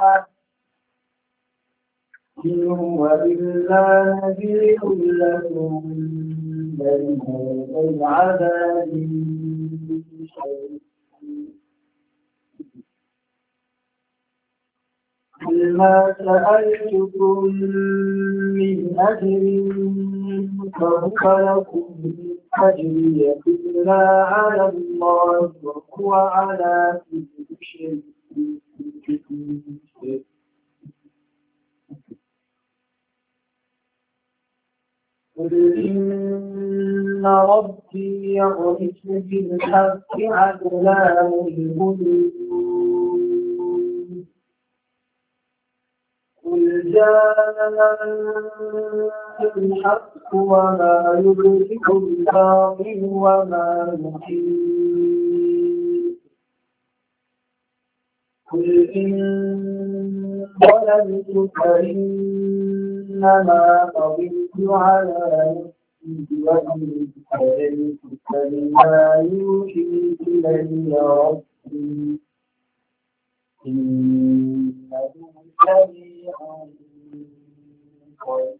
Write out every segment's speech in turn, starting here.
الحق إن هو إلا نذير لكم بين يدي عذاب قل ما سألتكم من أجر فهو لكم أجري إلا على الله وهو على كل شيء قل إن ربي يغرس بالحق عدلان الهدوء قل جاء الحق وما يدرك الباطل وما يحيي قل إن ضللت فإنما ضللت على نفسي وإن اهتديت فبما يوحي إلي ربي إنه سميع قريب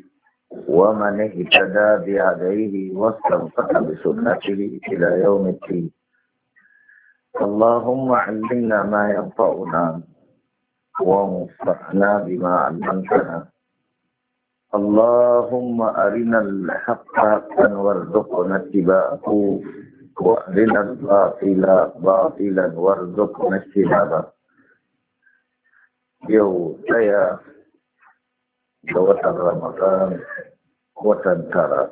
ومن اهتدى بهديه واستنفق بسنته إلى يوم الدين اللهم علمنا ما ينفعنا وانفعنا بما علمتنا اللهم أرنا الحق حقا وارزقنا اتباعه وأرنا الباطل باطلا وارزقنا اجتنابه يو Da watan Ramadan watan tara.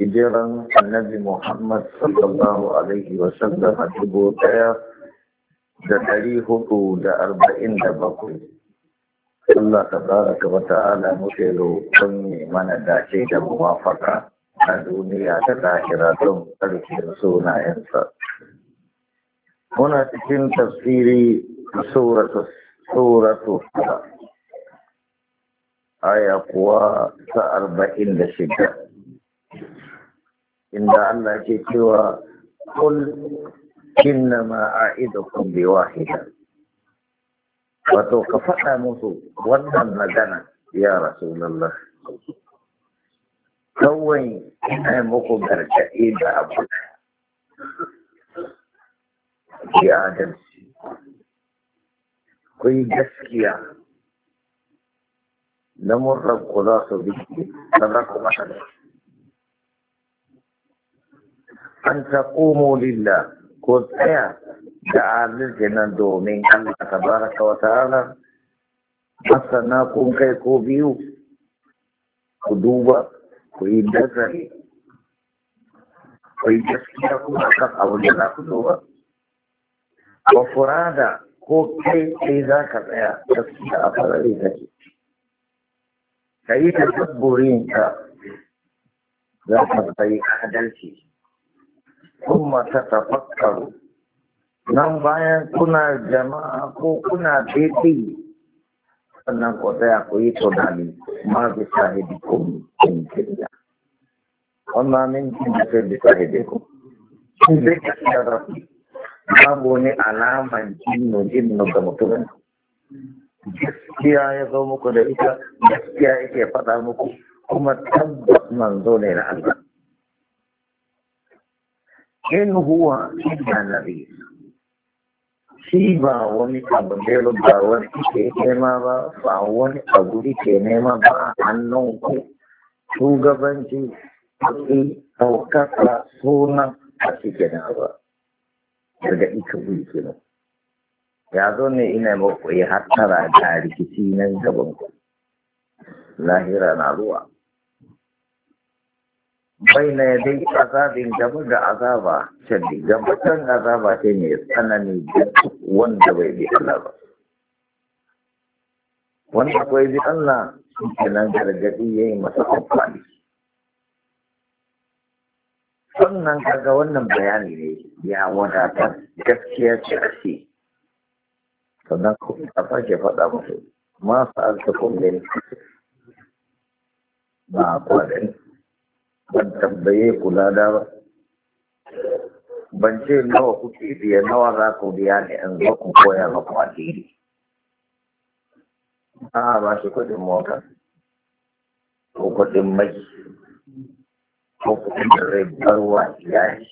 Hijiran annabi Muhammad sallallahu Alaihi wasallam a dubu ɗaya da ɗari hudu da arba'in da bakwai. Allah ta baraka wa ta'ala muke roƙon mana dace da muwafaka a duniya ta lahira don ƙarfin sunayensa. Muna cikin tafsiri suratu suratu aya kuwa ta arba'in da shida inda Allah ke cewa kul kinna ma'a'idukum bi wahida wato ka faɗa musu wannan magana ya rasulullah kawai ina muku gargaɗi da abu ki adalci ku yi gaskiya نمر رب خدا سو بکتی سبرا کو مشاہد ان تقومو للہ کود ایا إيه؟ دعا دل جنن دو من اللہ تبارک و تعالی مصنع کون کئی کو بیو خدوبا کوئی دزا کوئی جسکی رکو مصنع او جنن خدوبا و فرادا کو کئی ایزا کر ایا إيه؟ جسکی اپر ایزا کی ka yi tasabburin ka za ka bai adalci kuma ta tafakkaru nan bayan kuna jama'a ko kuna daidai sannan ko tsaya ku yi tunani ma sahi da ko min kirya wannan min da sai bi da ku in dai ka tsara babu wani alaman jinnu jinnu ga mutum gaskiya ya zo muku da ita gaskiya yake faɗa muku kuma tabbas manzo ne na Allah in huwa illa nabi shi ba wani abu da ba wani ke nema ba ba wani abu da ke nema ba a hannun ku shugabanci kuɗi ɗaukaka suna a cikin ba daga ita wuri ya zo ne ina muku ya eh, hattara da rikici na gaban ku lahira na ruwa. bai na dai azabin gaba ga azaba shaddi gabatan azaba ce mai tsanani wanda bai bi Allah ba wanda akwai bi Allah kenan gargadi ya yi masa amfani sannan kaga wannan bayani ne ya wadatar gaskiya ce a sannan a sake faɗa musu ma sa'alta kullum ba kwaɗin ban tambaye kula da ba ban ce nawa kuke biya nawa za ku biya ne in zo ku koya maku addini a ba shi kuɗin mota ko kuɗin mai ko kuɗin da zai barwa iyali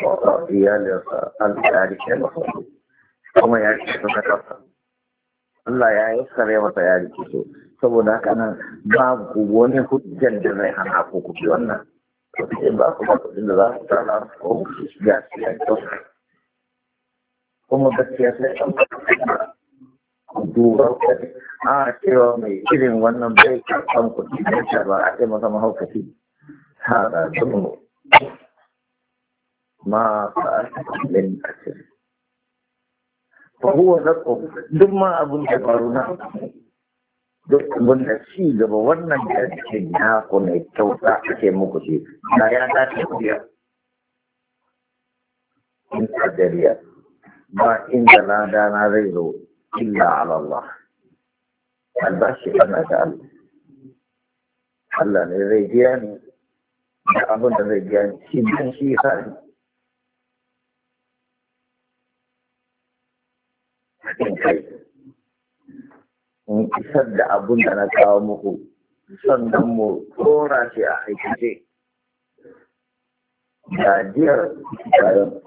ko iyalinsa an tsari ke masu kuma ya rike su na kansa Allah ya yi sare masa ya rike su saboda haka nan babu wani hujjan da zai hana ku ku wannan to sai ba ku ba kuɗin da za su tara ko ya ya to kuma gaskiya sai an ba duba a cewa mai irin wannan bai karɓan kuɗi da ba a ce masa mahaukaci hada da mu ma ka a cikin. فهو رقم duk ma abin da faru na duk abin da ci gaba wannan da ake naku ne kyauta ake muku ce na ya dace biya in kadariya ba inda na dana zai zo illa ala Allah albashi ana da Allah Allah ne zai biya ni da abin da zai biya ni shi dan shi ya in isar da abun da na kawo muku sannan mu tsora shi a aikace da jiyar kayan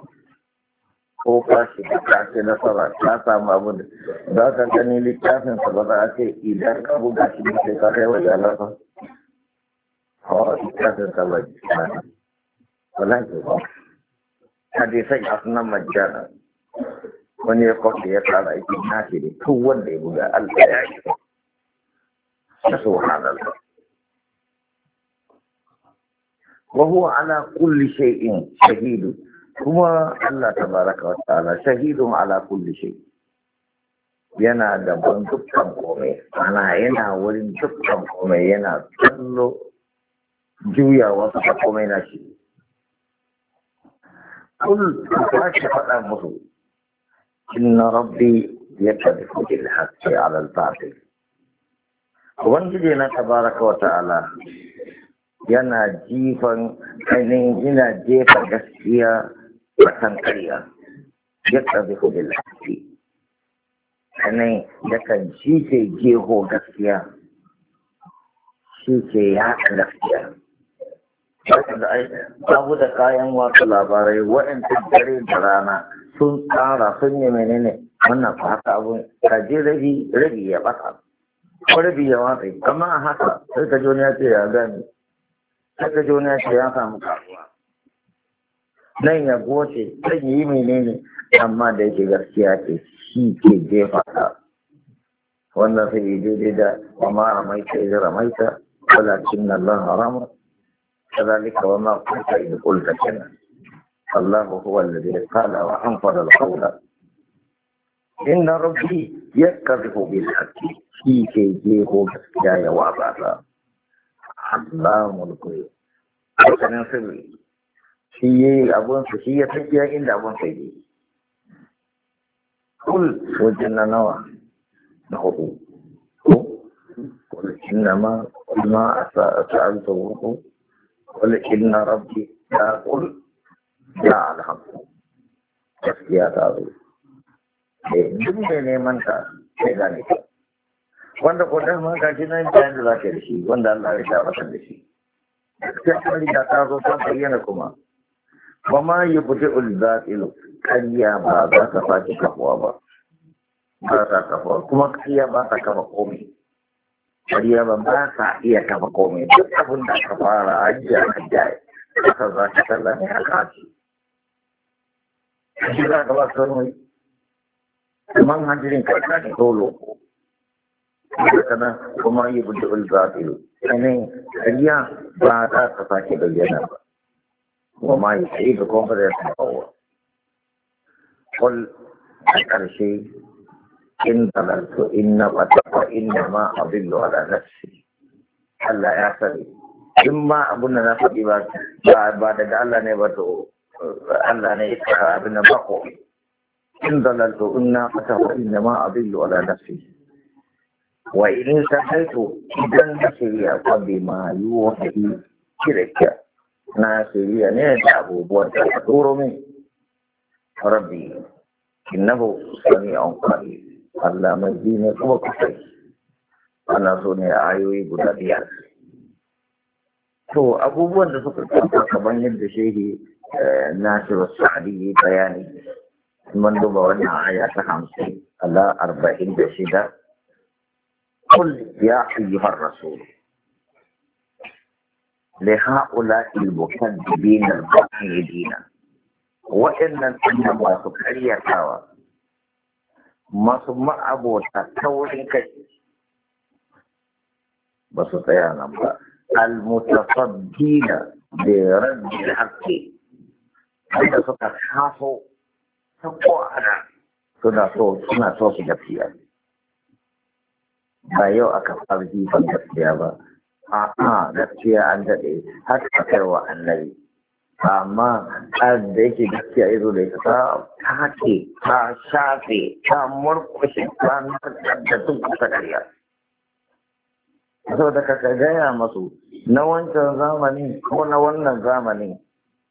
ko kwashi da kashe nasara ta samu abun da za ka gani littafin sa ba za a ce idan ka buga shi da sai ka kai wajen lafa a littafin sa ba ji ba wala ba hadisai a sunan wani ya kwafi ya tsara aiki na ke da tun wanda ya buga Allah ya yi ta subhanallah wa ana ala kulli shahidu kuma Allah ta baraka wa ta'ala shahidun ala kulli shay yana da ban dukkan komai ana yana wurin dukkan komai yana kallo juyawa ta komai na shi kul kwashe faɗa musu إن ربي يقذف بالحق على الباطل وانجينا تبارك وتعالى ينا جيفا ينا جيفا جسيا وتنكريا يقذف بالحق أنا يكا جيسي جيهو جسيا شيسي ياك جسيا أبو دقايا وطلاباري وإن تدري درانا sun tsara sun yi menene wannan ku haka abun ka je rabi rabi ya baka ko rabi ya watsi amma a haka sai ka joni ya ce ya gani sai ka joni ya ce ya samu karuwa nan ya goce zan yi menene amma da yake gaskiya ce shi ke jefa ka wannan sai yi daidai da wa mai ta idan cin nan lan haramun kazalika wa ma kunta idan kulta kenan الله هو الذي قال وانفض القول ان ربي يقذف بالحق في كي يا يا وابا الله ملك انا في شيء ابون شيء في ان ابون شيء قل وجنا نوا نحو قل انما قل ما اسالت الله قل ان ربي يقول ya alhamdu gaskiya ta zo eh duk da neman ka? sai gane ta wanda ko dan ma ka kina yin da za ka da shi wanda Allah ya sha masa da shi gaskiya ta riga ta zo ta bayyana kuma ba ma yi fute ulzatsilu ƙarya ba za ta sake kafuwa ba ba ta kafuwa kuma ƙarya ba ta kafa komai ƙarya ba ba ta iya kafa komai duk abin da ka fara ajiya a jaya ka za ka tallata a kasu shi za ka ba su mai man hanjirin karka da tolo hakanan kuma yi buɗe ulzafiru sanai ƙarya ba za ta sake bayyana ba kuma ma yi tsaye da kwamfada ba. kawo kul a ƙarshe in zalartu in na ta, in da ma abin lura nafsi Allah ya sani in ma abun da na faɗi ba daga Allah ne ba to أن أنا يفتح أبنى بقوة إن ضللت إن ناقته إنما أضل على نفسي وإن سهلت إذا نسيري أقضي ما يوحي كريكا نسيري يعني أن يجعبوا بوضع فتور من ربي إنه سميع قريب الله مزين وكفي أنا سوني أعيوي بلديان تو أبو بوان تسكر كبير كبير ناشر السعدي بياني منذ بولنا آيات خمسين على أربعين بشدة قل يا أيها الرسول لهؤلاء المكذبين الباطنين وإن الأنبياء سكرية تاوى ما ثم أبو تكون كي بس طيانا نعم. المتصدين برد الحق wanda suka taso ta ko'ana suna so suna so su gafiya ba yau aka fara jifan gafiya ba a'a gafiya an daɗe har ta kai wa annabi amma tsarin da yake gaskiya izo da ita ta take ta shafe ta murkushe ta narkar da duk wata ƙarya saboda ka gaya masu na wancan zamani ko na wannan zamani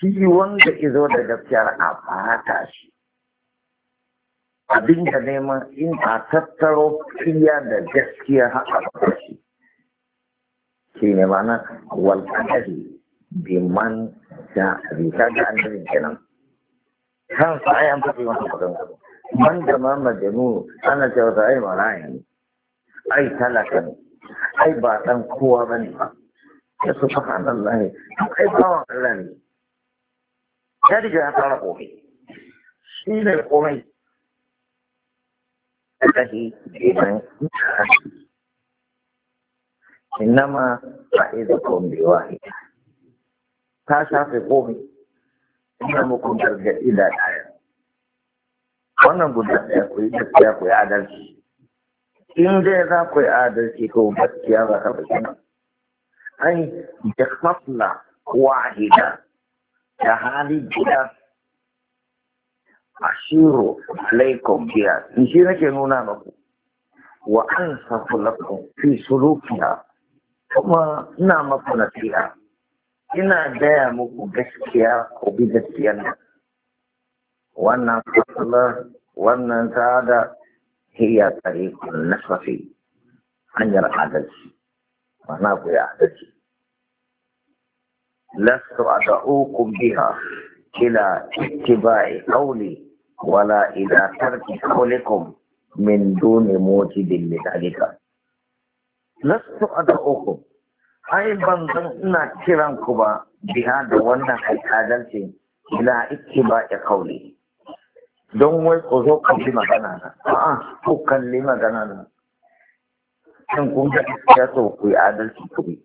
shi wanda izo da gaskiyar a fata shi abin da neman in a tattaro kiya da gaskiya haka ba shi ke ne mana walƙadari bi man da rika da annabi kenan kan sa ai an faɗi wannan kudin man da ma majanu ana cewa ta ai maraya ne ai talakan ne ai ba ɗan kowa ba ne ba ya su faɗa Allah ai bawan Allah ne ya riga ya fara komai shi ne komai kashi idan innama fa'idakum bi wahida ta shafe komai ina muku gargaɗi da ɗaya wannan guda ɗaya ku yi gaskiya ku yi adalci in dai za ku yi adalci ko gaskiya za ka fi kina ai da hafla wahida كهالي جدا أشير عليكم بها نشيرك نونا wa ansafu lakum fi sulukia kuma ina maku nasiha ina daya muku beskia ko bi gaskiyar nan wannan fasilar wannan hiya tsare nasafi hanyar adalci mana ku ya adalci lasu a ga hukum biya kila ke ba a wala ina karki kaulikun min duni moji din metallica lasu a ga hukum hain ban zan ina kiran ku ba biya da wannan kakadarci kila ke ba a kauli don wai ko zo kalli magana na a'a ko kalli magana na kan kuma ya so ku yi adalci kuɗi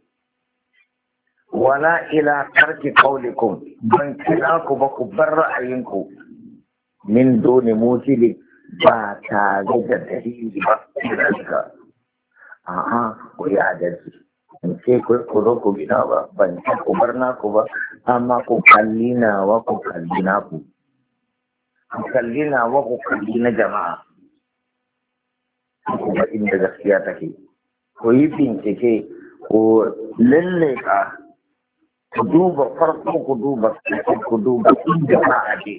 wala ila tarki qaulikum ban kira ku ba ku bar ra'ayinku min doni mutili ba tare da dalili ba ka a'a ku yi adalci in ce ku ku zo ku gina ba ban ce ku bar naku ba amma ku kalli nawa ku kalli naku ku kalli nawa ku kalli na jama'a ku ga inda gaskiya take ku yi bincike ku lalle ka ku duba farko ku duba cikin ku duba inda ba a je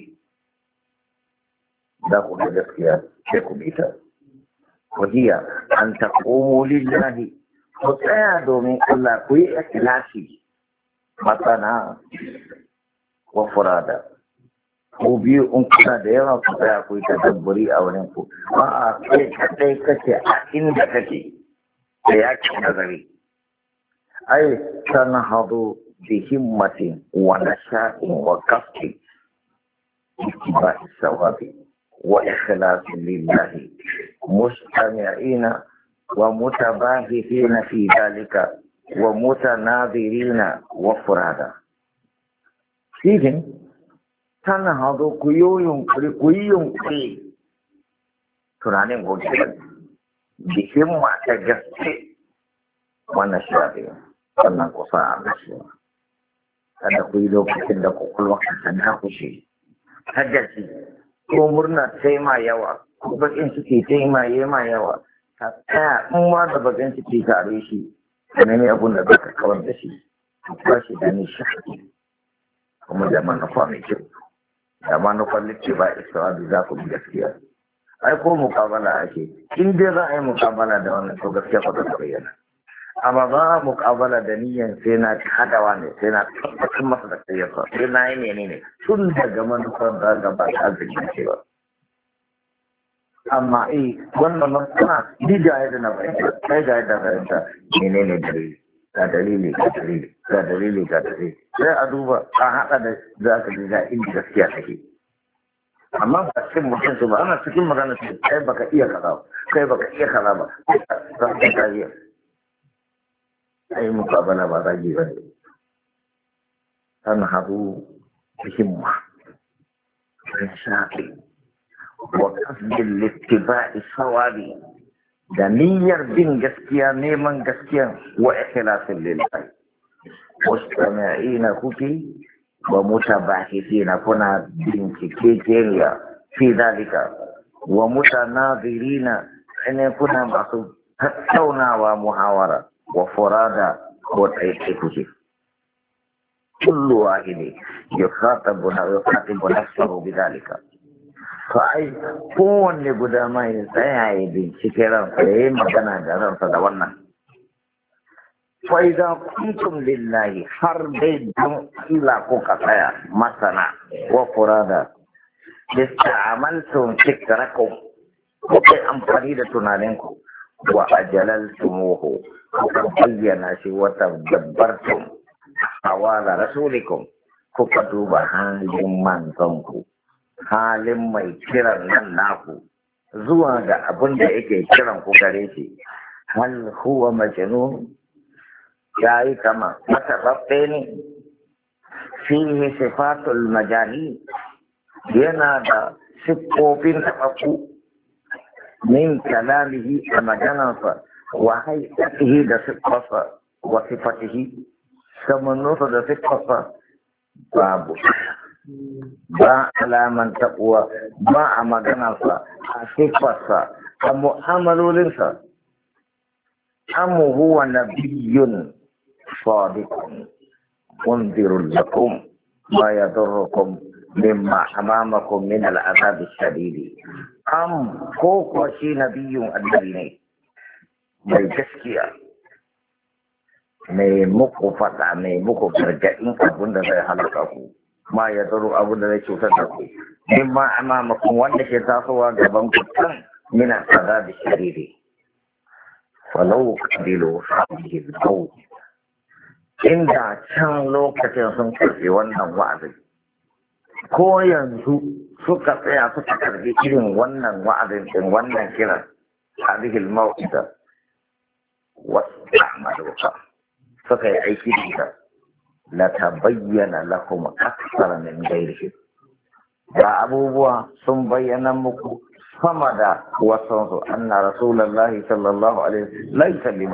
da ku da gaskiya sai ku bita, ku wajiya an ta komo lillahi ku tsaya domin Allah ku yi ikilasi matsana wa furada ko biyu in kuna da yawa ku tsaya ku yi ta tadabburi a wurin ku a kai kadai kake a inda kake da yakin nazari ai hadu. bihimmatin wa nasha'in wa kafin ikibatin sawabi wa ikhlasin lillahi mustami'ina wa mutabahihina fi dalika wa mutanadirina wa furada shi tana hado ku yi yunkuri ku yi yunkuri tunanin gogiyar bihimma ta gaske wannan shafi wannan kusa a nashiyar kada ku yi lokacin da kwakwalwa ta dakushe ta ko murna ta yi ma yawa ko bakin ciki ta yi ma yi ma yawa ka tsaya in ma da bakin ciki ka are shi ne ne abun da zaka kawar da shi ka kwashe da nishaɗi kuma da manufa mai kyau da manufa lice ba da za ku bi gaskiya ai ko mukabala ake in dai za a yi mukabala da wannan to gaskiya ba ta bayyana amma ba a mukabala da niyan sai na hadawa ne sai na tabbatar masa da kayyarsa sai na yi ne ne tun daga manufar da gaba ta zikin cewa amma eh wannan masana ni ga yadda na fahimta kai ga yadda fahimta ne ne dalili ga dalili ga dalili ga dalili ga dalili sai a duba a haɗa da za ka ji ga inda gaskiya take amma ba cikin mutum ba ana cikin magana ce kai baka iya kaza kai baka iya kaza ba kai ka iya kaza ai mukabala ba zagi ba ne tanharu bihimma inshafi wa kasbin littiba'i sawabi da niyyar bin gaskiya neman gaskiya wa ikhlasin lillahi na kuke wa mutabahithina kuna bincike keriya fi dalika wa birina. ne kuna masu tattaunawa muhawara wa furada ko ɗaiɗai kuke كل واحد يخاطب يخاطب نفسه بذلك فأي kowanne guda ma ya tsaya ya bincike ransa ya yi magana da ransa da wannan faida kuntum lillahi har dai don ila ko tsaya masana wa furada ista'amaltum ko kuka amfani da tunaninku wa ajalaltumuhu kuka bayyana shi wata dabbartum hawala rasulikum kuka duba halin manzonku halin mai kiran nan naku zuwa ga abin da yake kiran ku gare shi hal huwa majnun ya yi kama matababbe ne fihi sifatul majani yana da siffofin tababbu min kalamihi da maganansa wa haifatihi da siffarsa wa sifatihi samanninsa da siffarsa babu ba alaman taɓuwa ba a maganarsa a siffarsa a mu'amalolinsa amu huwa nabiyyun sadiqun munzirun lakum ma yadurrukum mimma amamakum min al'azab as-sadid am ko ko shi nabiyyun annabi ne mai gaskiya mai muku fada mai muku gargadin abun da zai halaka ku ma ya tsaro abun da zai cutar da ku mimma amamakum wanda ke tasowa gaban ku kan min al'azab as-sadid falau kadilu hadhihi al inda can lokacin sun karfi wannan wa'azi ko yanzu suka tsaya suka karbi irin wannan wa'adin, din wannan kiran hadhihi al-mau'ida wa ta'maluha suka yi aiki da ita ta bayyana lakum akthar min ghayrihim da abubuwa sun bayyana muku sama da wasansu anna rasulullahi sallallahu alaihi wasallam laisa bi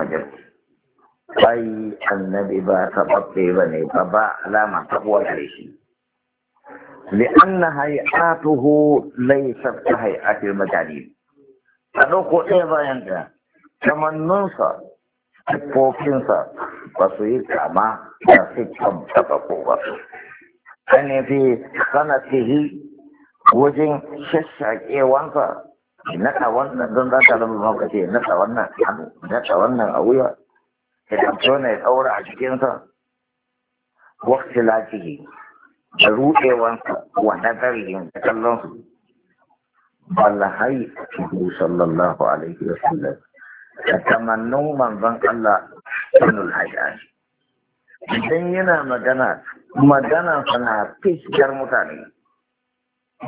bai annabi ba ta babbe bane ba ba alama tabuwa gare shi لأن هيئاته ليست كهيئة المجانين أدوكو إيضا ينتهى تمننسا da بصير كما ba. تفقوا أن في خنته وجن شسعك إيوانسا نتا wannan don za ta rabu maka ce nata wannan hannu nata wannan a wuya ya tamso ya tsaura a cikinsa wakti da ruɗewansa wa nazarin da kallon su balla hai sallallahu alaihi wa sallam da tamannin manzon Allah sunul hajjaj idan yana magana magana sana fiskar mutane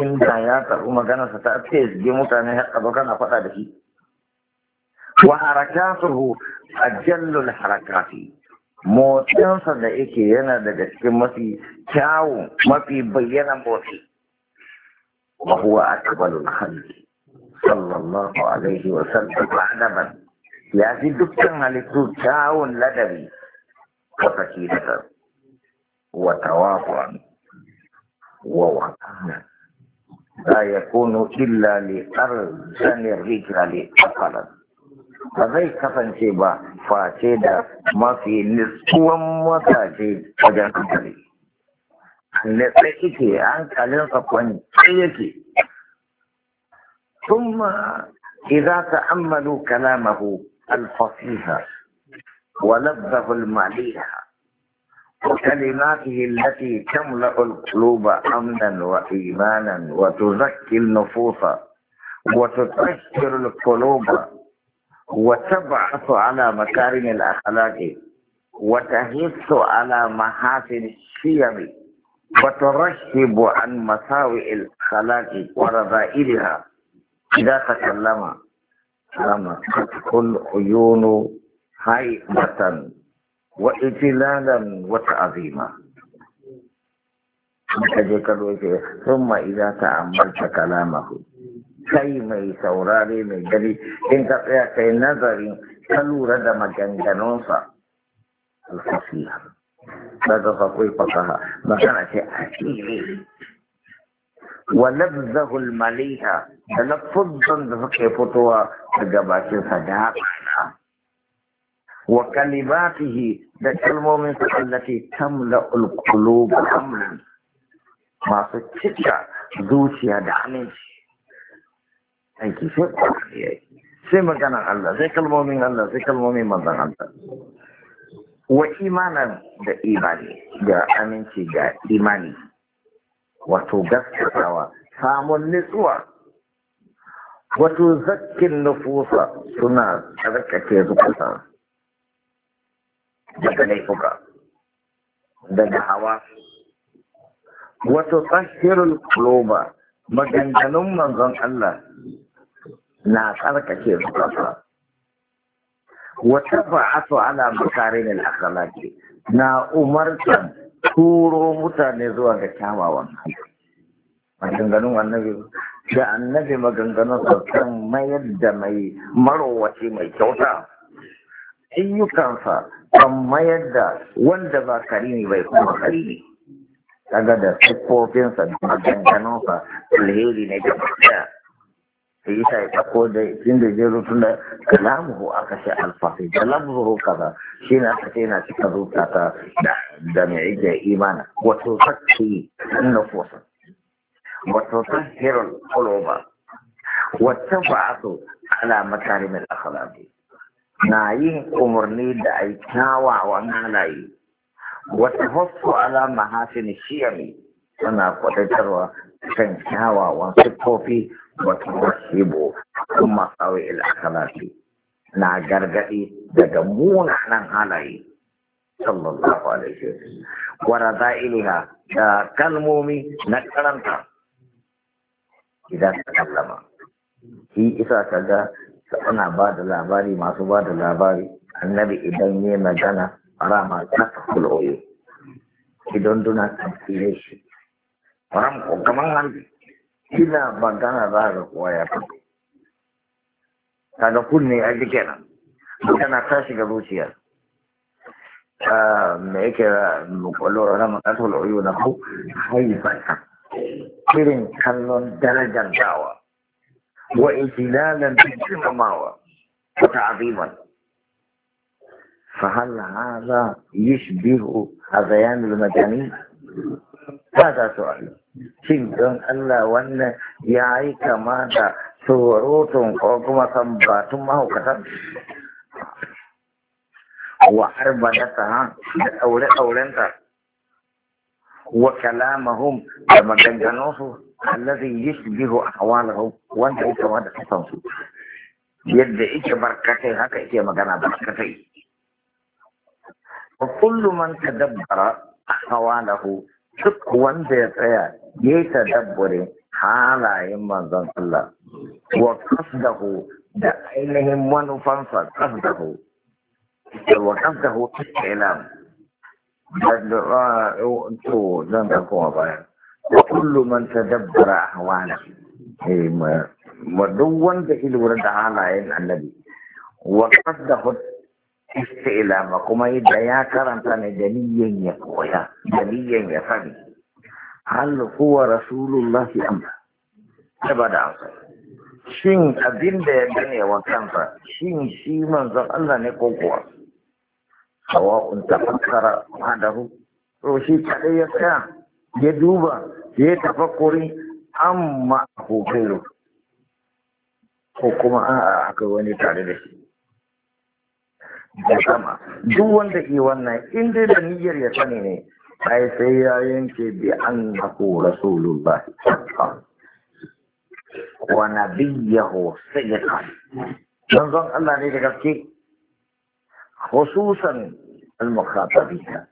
inda ya magana maganarsa ta fiske mutane har a kana faɗa da shi wa harakatuhu ajallul harakati motsinsa da yake yana daga cikin mafi kyawun mafi bayyana motsi wa huwa akbalul khalqi sallallahu alaihi wa sallam adaban ya fi dukkan halittu kyawun ladabi wa sakinatan wa tawafuan wa wakana la yakunu illa li arzani rijali aqalan ba zai kasance ba face da mafi nutsuwan matace wajen hankali nutsa ike hankalinsa kwanci yake ثم إذا تأملوا كلامه الفصيح ولذه المليح وكلماته التي تملأ القلوب أمنا وإيمانا وتزكي النفوس وتطهر القلوب وتبعث على مكارم الأخلاق وتهث على محاسن الشيم وترشب عن مساوئ الأخلاق ورذائلها إذا تكلم لمستك العيون هيبة وإجلالا وتعظيما ثم إذا تأملت كلامه kai mai saurare mai gari in ka tsaya kai nazarin ka lura da maganganunsa alfasiya daga fakwai fasaha magana ce a fili wa labzahul maliha da lafuzzan da suke fitowa daga bakin da haɗa wa kalibatihi da kalmomin allati tamla ulqulub masu cika zuciya da aminci aiki sai ƙwararri aiki Allah sai kalmomin Allah sai kalmomin manzan wa imanan da imani ga aminci ga imani wato gaskatawa samun nutsuwa wato zakkin nufusa suna tsarkake zukata daga laifuka daga hawa wato tsahirul kuloba maganganun manzon Allah na tsarkake su zukata wata ana ala makarin al-akhlaqi na umarta turo mutane zuwa ga kyawawan maganganun annabi da annabi maganganun sautan mayar da mai marowaci mai kyauta ayyukansa kan mayar da wanda ba karimi bai kuma karimi Saga da siffofinsa da maganganunsa alheri ne da sai ya tako da inda da jero tun kalamu ko aka ce alfafi da ko kaza shi na aka ce na cika zuta ta da mai da imana wato sakci inda kosa wato tahirul quluba wata ba'atu ala mai akhlaqi na yi umarni da ai kyawawan halaye wata hosu ala mahasin shiyami suna kwatatarwa kan kyawawan siffofi وترحب ثم ila الأخلاق na gargaɗi daga munanan halaye sallallahu alaihi wasallam wa radailuha da kalmomi na karanta idan ta kallama shi isa kaga ana ba da labari masu ba da labari annabi idan ne magana rama ta kuloyo idan duna tafsirin shi ram ko kamar hanzu kina magana za ka kowa ya fito kaga kunne ya ji kenan magana ta shiga zuciyar me yake mukwallo na makasul oyo na ku haifata irin kallon darajar dawa wa itilalan tumamawa wa ta'ziman فهل هذا يشبه هذيان المجانين ba za su Allah shin don Allah wannan ya yi kama da surutun ko kuma san batun mahaukatan wa harba da saha da ɗaure-ɗaurenta wa kalamahum da maganganunsu allazi yashbihu ahwalahum wanda ya kama da kasansu yadda yake barkatai haka yake magana barkatai wa kullu man tadabbara ahwalahu duk wanda ya tsaya ya yi tadabburin halayen manzon Allah wa kasdahu da ainihin manufansa kasdahu wa kasdahu da to zan ga kuma bayan wa kullu man tadabbara ahwala eh ma duk wanda ya lura da halayen annabi wa kasdahu istilama kuma yadda ya karanta ne da ya koya da niyyan ya sani hal huwa rasulullah fi amma da ba amsa shin abin da ya gane wa kansa shin shi manzon Allah ne ko kuwa sawa'un tafakkara hadahu to shi kadai ya tsaya ya duba ya tafakkuri amma ko kuma a'a akwai wani tare da shi da sama duk wanda ke wannan in dai da niyyar ya sani ne ai sai ya yanke bi an haku rasulullahi wa nabiyyahu sayyidan dan zan Allah ne da gaske khususan al-mukhatabina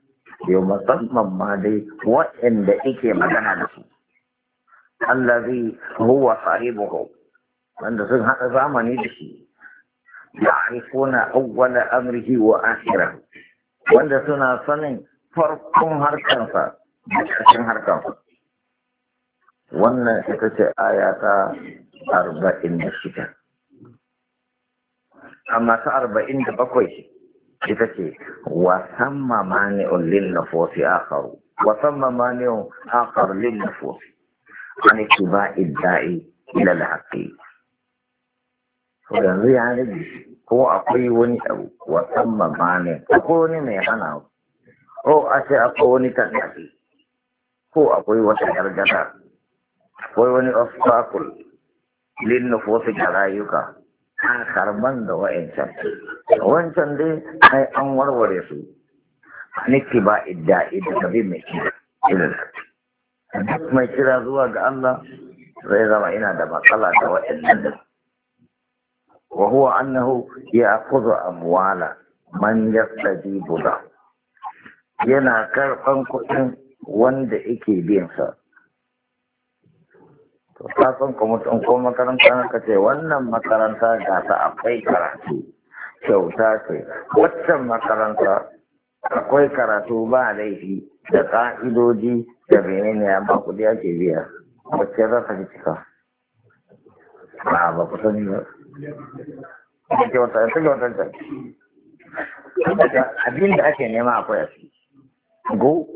yau musamman ma dai waɗanda yake magana da su allazi huwa sahibuhu wanda sun haɗa zamani da shi يعرفون أول wa وآخره wanda suna sanin farkon harkansa da ƙarshen harkansa wannan ita ce aya ta arba'in da shida amma ta arba'in da bakwai ita ce wa wasan mamani lil nafosi Wa wasan mamani akaru lil nafosi an kiba idda'i ila al-haqqi yanzu ya rage ko akwai wani abu wasan ma ko wani mai hana ko a ce akwai wani tattafi ko akwai wata gargada akwai wani obstacle lin nufofi da rayuka an karban da wa'ancan wancan dai ai an warware su niki ba idda idda bi mai kira duk mai kira zuwa ga Allah zai zama ina da matsala da wa'annan da وهو أنه يأخذ أموال من يستجيب له yana karɓan kuɗin wanda yake biyan sa to ka ko makaranta ka ce wannan makaranta ga ta akwai karatu kyauta ce waccan makaranta akwai karatu ba laifi da ƙa'idoji da menene ya ba kuɗi ake biya wacce za ka fi cika ba ba ku sani ba ta kyauta ta ake nema akwai a go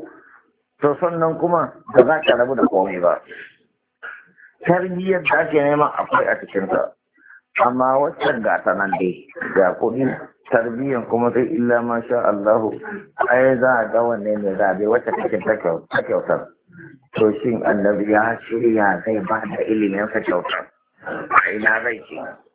to sannan kuma da za ka rabu da komai ba tarbiyyar da ake nema akwai a cikinsa amma ga ta nan dai ga kuɗi tarbiyyan kuma sai illa ma sha Allahu ai za a ga wanne ne za a bai wacce cikin ta kyautar to shin annabi ya shirya zai ba da ilimin sa kyautar a ina zai ce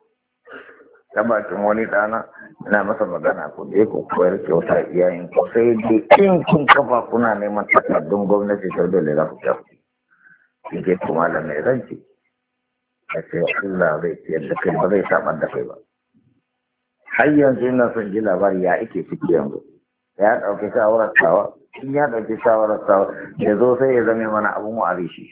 ta bakin wani dana ina masa magana ku da ku koyar kyauta iyayen ku sai dai in kun kafa kuna neman takardun gwamnati sau dole za ku kyau ki ke kuma da mai ranci a ce Allah zai ciyar da kai ba zai samar da kai ba har yanzu ina son ji labari ya ake ciki yanzu ya ɗauki shawarar tawa in ya ɗauki shawarar tawa ya zo sai ya zame mana abin wa'ari shi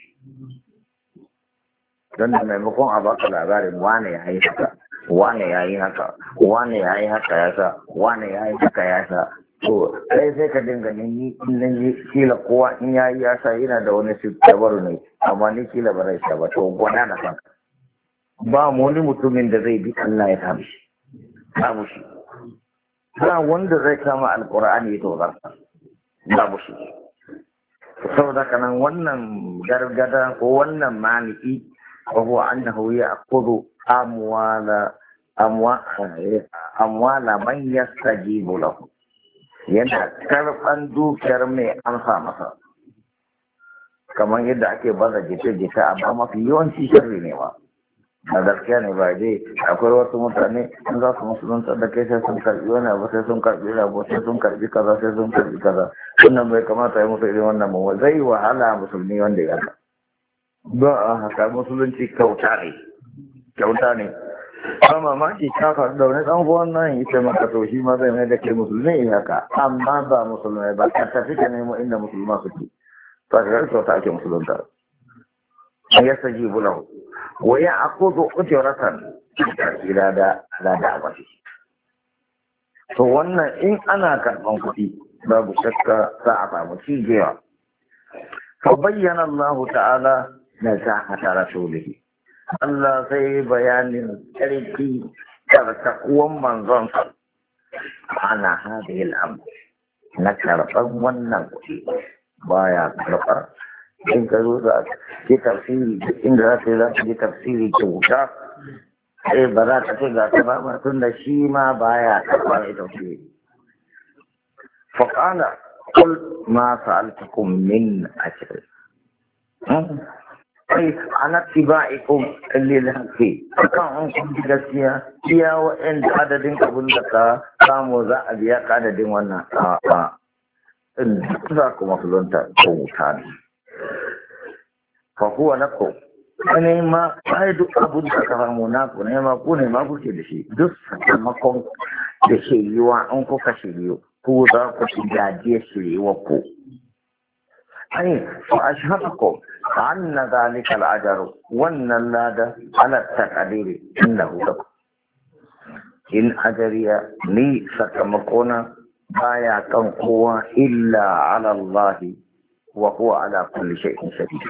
don da maimakon a baka labarin wane ya haifuka wane ya yi haka wane ya yi haka ya sa wane ya yi haka ya sa to sai sai ka dinga ni in na yi kila kowa in ya yi ya sa yana da wani dabaru ne amma ni kila ba zai sa ba to gwada da kanka ba mu wani mutumin da zai bi Allah ya kama shi mu shi ba wanda zai kama alkur'ani ya tozar mu shi saboda kanan wannan gargada ko wannan maliki wa huwa annahu ya'khudhu amwala manyan eh, man bula lahu yana karban dukiyar mai amsa masa kamar yadda ake baza jita-jita amma mafi yawanci sharri ne ba na gaskiya ne ba dai akwai wasu mutane in za su musulunta da kai sai sun karbi wani abu sai sun karbi rabo sai sun karbi kaza sai sun karbi kaza wannan bai kamata ya musu irin wannan ba zai wahala musulmi wanda ya ka ba a haka musulunci kyauta ne kyauta ne ba mamaki ka faru da wani ɗan uwan nan ita ce maka shi ma zai mai da ke musulmi ya haka. amma ba musulmai ba ka tafi ka nemo inda musulma suke to ka ga kyauta ake musulunta ya saji bulahu wa ya akudu ujratan ila da ala da to wannan in ana karban kuɗi babu shakka za a samu cijewa fa bayyana Allah ta'ala na zakata rasulihi Allah sai bayanin ƙarfi karkakuwan manzon ana haɗe al'amur na karɓar wannan kuɗi baya karɓar in ka zo za ke tafsiri inda za ka yi za ka je tafsiri kyauta sai eh, ba za ka ce ga ka ba tun da shi ma baya karɓar ya tafsiri faƙala kul ma sa'altukum min ajr hmm? ai ana tibaikum lil haqqi kan an kun gaskiya iya wa'anda adadin kabun da ka samu za a biya ka adadin wannan a in za ku mafulunta ko wuta ne fa huwa lakum ne ma ai duk abun da ka samu na ku ne ma ku ne ma kuke da shi duk sakamakon da ke yiwa an kuka shiryu ku za ku ci gajiyar shiryuwar ku ai fa ko, anna zalika al'ajaru wannan lada ala taqdiri innahu lahu in ajariya ni sakamakona baya kan kowa illa ala Allah wa huwa ala kulli shay'in shadid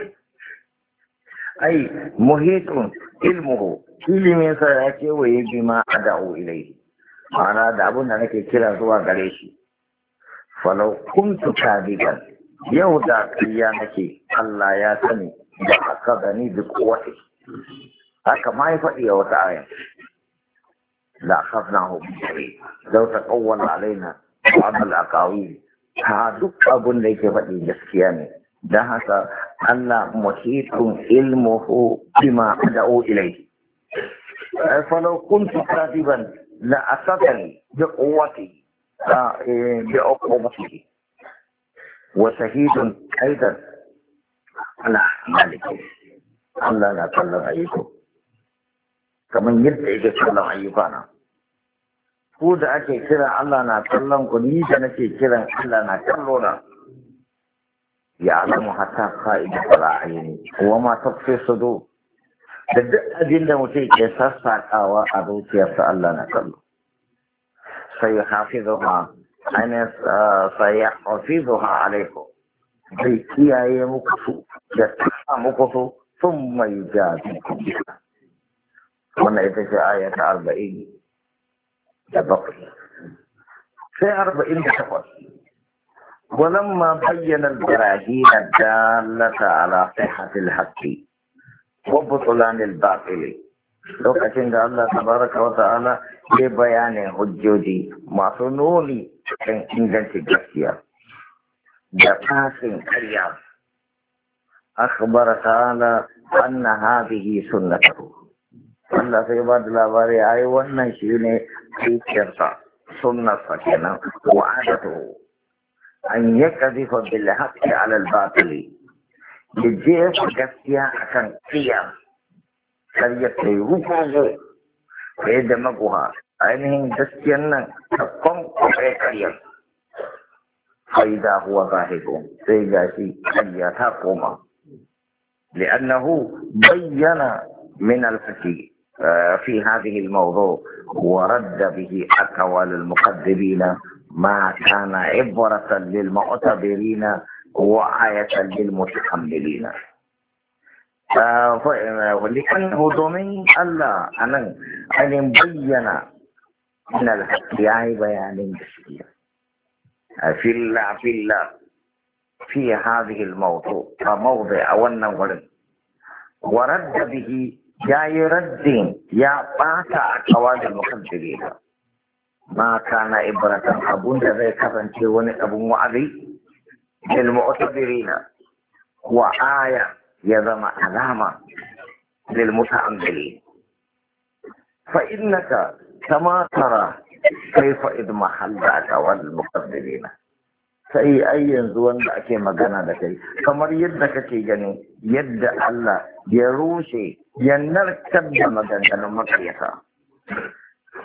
ai muhitun ilmuhu ilimin sa ya kewaye ma ada'u ilayhi ana da abun da nake kira zuwa gare shi falau kuntu kadiban yau da ƙarya nake Allah ya sani da aka gani duk wata haka ma ya faɗi a wata ayan la khafna hu bi zau ta qawwala alaina amal aqawil ha duk abun da yake faɗi gaskiya ne dan haka Allah muhitun ilmuhu bima ad'u ilayhi falau kuntu kadiban la asatani bi quwwati eh, bi uqubati وشهيد أيضا على أعمالكم الله لا تسلم عليكم kamar yadda yake kallon ayyukana ku da ake kira Allah na kallon ku ni da nake kiran Allah na kallo na ya alamu hatta fa'ida fara ayyuni wa ma tafsir sudur da duk abinda da mutum ke sassaƙawa a zuciyarsa Allah na sai hafizaha أنا سيحفظها عليكم في كي أي مكفو يتحى مكفو ثم يجازيكم من إذا آية أربعين لبقر في أربعين تقول ولما بين البراهين الدالة على صحة الحق وبطلان الباطل لو كتنجا الله تبارك وتعالى يبياني حجودي ما سنوني cikin inganta gaskiya da fasin karya akbar ta'ala anna hadhihi sunnatu Allah sai ba da labari ai wannan shine sa sunna sa kenan wa adatu an yakzifa bil haqqi ala al batil ya jefa gaskiya akan tsiya kar ya kai da yadda maguha ainihin gaskiyan nan ta kwankwafe karyar faida huwa zahiru sai ga shi karya ta koma li'annahu bayyana min alfaki في هذه الموضوع ورد به أقوال المكذبين ما كان عبرة للمعتبرين وآية للمتحملين لأنه دومين الله أن أن بين من الحق يعني بيان جسدي في الله في الله في هذه الموضوع موضع أولا ورد ورد به يا يردين يا باتا أكواد المخدرين ما كان إبرة أبون ذي كفن تيون أبو معذي للمعتبرين وآية يضم علامة للمتأملين فإنك kama tara kaifa id mahalla ka wal muqaddimina sai ai yanzu wanda ake magana da kai kamar yadda kake gani yadda Allah ya rushe ya narkar da maganganun makariyata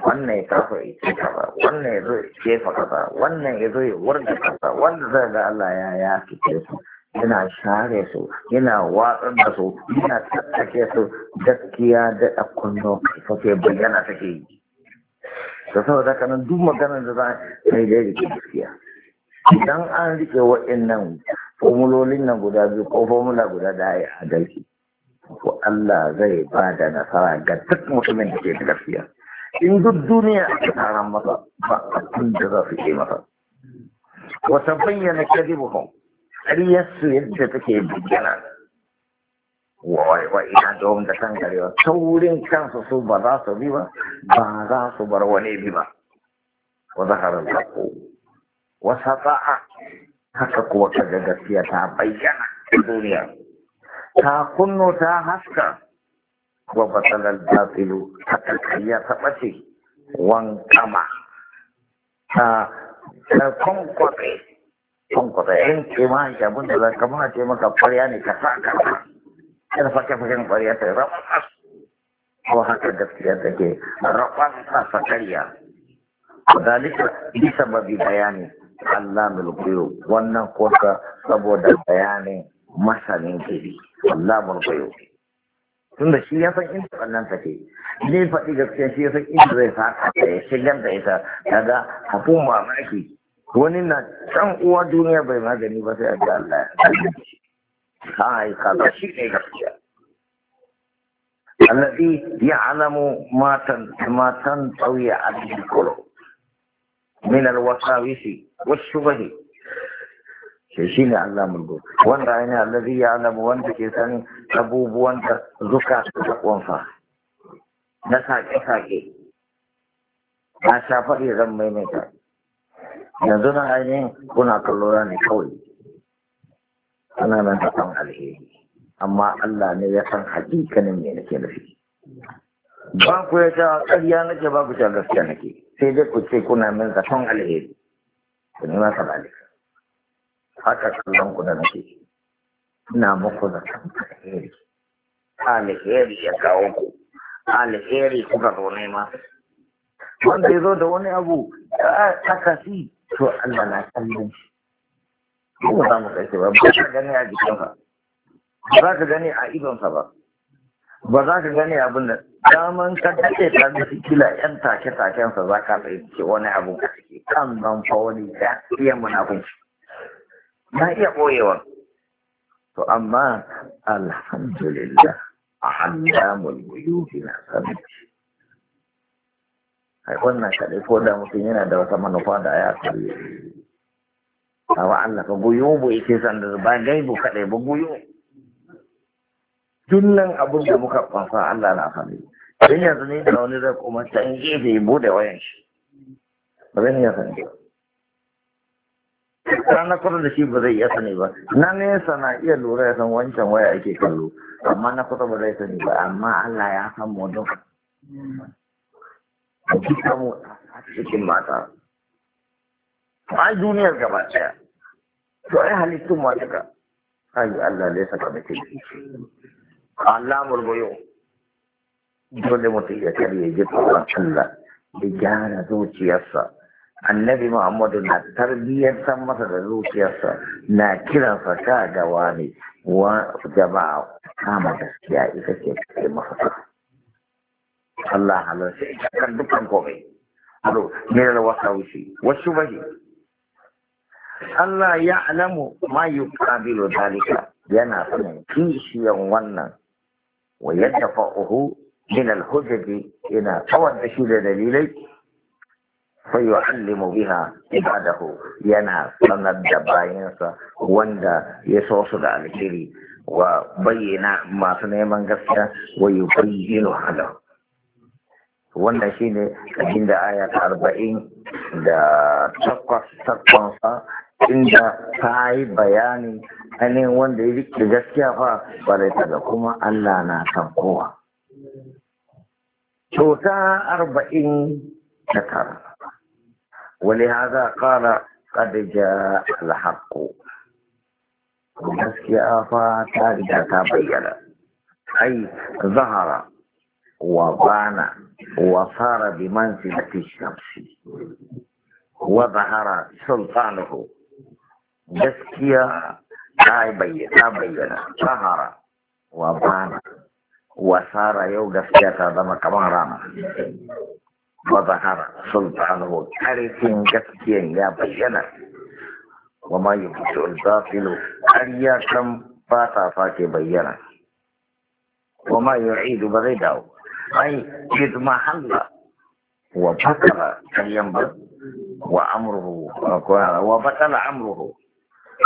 wannan ya kafa ya ce kaza wannan ya zo ya jefa kaza wannan ya zo ya warda kaza wanda zai ga Allah ya ya fice su yana share su yana watsar da su yana tattake su gaskiya da ɗakkun lokaci kake bayyana take yi da saboda haka nan duk maganar da za a yi da gaskiya idan an rike wa'annan formulolin nan guda biyu ko fomula guda da ya adalci ko Allah zai ba da nasara ga duk mutumin da ke da gaskiya in duk duniya aka taron masa ba abin da za su ke masa wata bayyana kadibuhum ƙaryar su yadda take bayyana wa ina domin da kan garewa taurin kansu su ba za su bi ba ba za su bar wani bi ba wa zaharar haƙo wa safa'a haka kuwa kaga gaskiya ta bayyana duniya ta kunno ta haska wa da filo ta kakayya ta ɓace wankama ta kwankwatsai kwankwatsai in ce ma abin da zan kama ce maka kwarya ne ka sa ka Yar fake-faken ƙwariya ta yi raman kasu. Ko haka gaskiya take raman kasa karya. Wadalika bisa babi bayani Allah mulkiyo wannan kuwa saboda bayanin masanin kiri Allah tun da shi ya san inda wannan take. Zai faɗi gaskiya shi ya san inda zai fata da ya shigar da ita daga hafin mamaki. Wani na can uwa duniya bai magani ba sai a ga Allah ya Ka a yi kasan shi ne gaskiya. ya alamu matan tsamatan ɗauye a al'ummi kolo. Minar wasa wishi, wacce shukashi? Shishi ne Allah Mundo. Wanda aini allarbi ya alamu wanda ke sanin abubuwan da suka dafuwan fa. Na sa ke sa ke. Na sha faɗi zan maimaita. Yanzunan ainih ku na kallona ne kawai. ana nan alheri amma Allah ne ya san hakikanin me nake nufi ba ku ya ta ƙarya nake ba ku ta gaskiya nake sai dai ku ce kuna min san alheri ku nema sadalika haka kallon ku da nake ina muku san alheri alheri ya kawo ku alheri kuka zo nema wanda ya zo da wani abu ya si to Allah na kallon shi ba mu samu kai ba ba ka gani a jikinsa ba za ka gani a idonsa ba ba za ka gani abin da daman ka dace ta da kila yan take takensa za ka tsaye wani abu Ka ciki kan nan fawoni ka, ya iya munafunci na iya boyewa to amma alhamdulillah a hannamul guyubi na sanin ai wannan kaɗai ko da mutum yana da wata manufa da ya karye Bawa Allah ka goyo bu ike sandar ba gaibu kaɗai ba goyo. Dunnan abin da muka kwasa Allah na faɗi. Don yanzu ne da wani zai kuma ta in gefe ya bude wayan shi. Ba zan iya sani ba. na kwata da shi ba zai iya sani ba. Na nesa na iya lura ya san wancan waya ake kallo. Amma na kwata ba zai sani ba. Amma Allah ya san mu duka. Ki a cikin mata. ba duniyar gaba daya to ai halittun ma duka ai Allah ne saka da kai Allah murgoyo dole mutum ya karye ji tsoron Allah ya gyara zuciyarsa annabi Muhammadu na tarbiyyar san masa da zuciyarsa na kiransa ka gawa wani wa jama'a kama gaskiya ita ce kai masa Allah halarci ita kan dukkan komai. Alo, mirar wasa wuce, wasu bahi, Allah ya alamu ma yi kabilu dalika yana sanin kishiyan wannan wa yadda fa'uhu min alhujaji yana tsawon da shi da dalilai fa yu'allimu biha ibadahu yana sanar da bayansa wanda ya so su da alheri wa bayyana masu neman gaskiya wa yubayyinu halahu wannan shine abin da aya arba'in da takwas takwansa inda ta yi bayanin ainihin wanda ya rike gaskiya fa ba ta da kuma Allah na kan kowa. Cuta arba'in da tara. ولهذا قال قد جاء الحق gaskiya fa ta riga ta bayyana ai zahara wa bana wa fara bi manzilati shamsi wa zahara sultanuhu gaskiya ta bayyana bayyana sahara wa bana wasara yau gaskiya ta zama kamar rana wa zahara sultanu karfin gaskiyan ya bayyana wa ma yi fito zafilu ƙarya kan ba ta fake bayyana wa ma yi idu ba zai dawo ai idu mahalla wa bakara ƙaryan ba wa amruhu wa bakala amruhu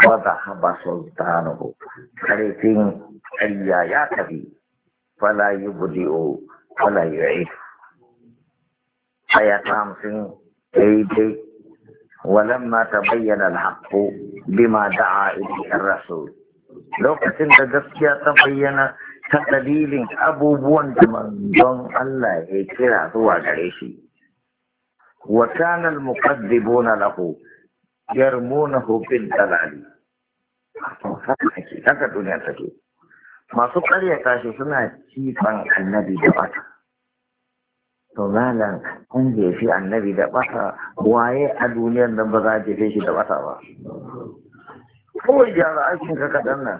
wata haba sultanahu karfin ƙarya ya tafi fala yi budi'o fala yi ra'i a ya bayyana alhaƙo bima da'a ilmi ɗan rasul lokacin da gaskiya ta bayyana ta dalilin abubuwan da manzon Allah ya kira zuwa gare shi wa kana al-muqaddibuna yarmunahu bin dalali haka ake haka duniya take masu karya tashi suna cifan annabi da bata to malam an jefi annabi da bata waye a duniyar nan ba za a jefe shi da bata ba kawai gyara aikin ka kaɗan nan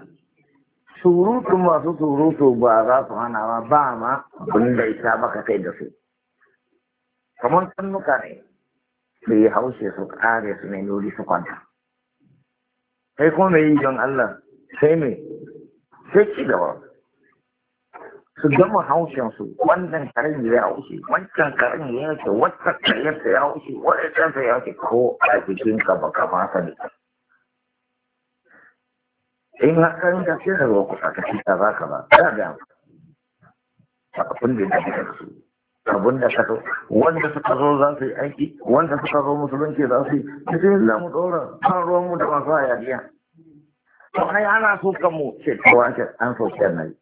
surutu masu surutu ba za su hana ba ba ma kun da ita baka kai da su kamar sannuka ne su yi haushe su ƙare su mai nuri su kwanta sai kuma mai yi don Allah sai mai sai ci gaba su gama haushen su wannan karen ya haushe wancan karen ya haushe wancan karen ya haushe wancan ya haushe ko a cikin ka ba ka masa ne in hakan ka sai ka zo ku ka shi ta za ka ba ta da abin da ya haushe su abin da ka so wanda suka zo za su yi aiki wanda suka zo musulunci za su yi bismillah mu dora kan ruwan mu da masu hayaniya to ai ana so ka mu ce kawai ake an so ke nan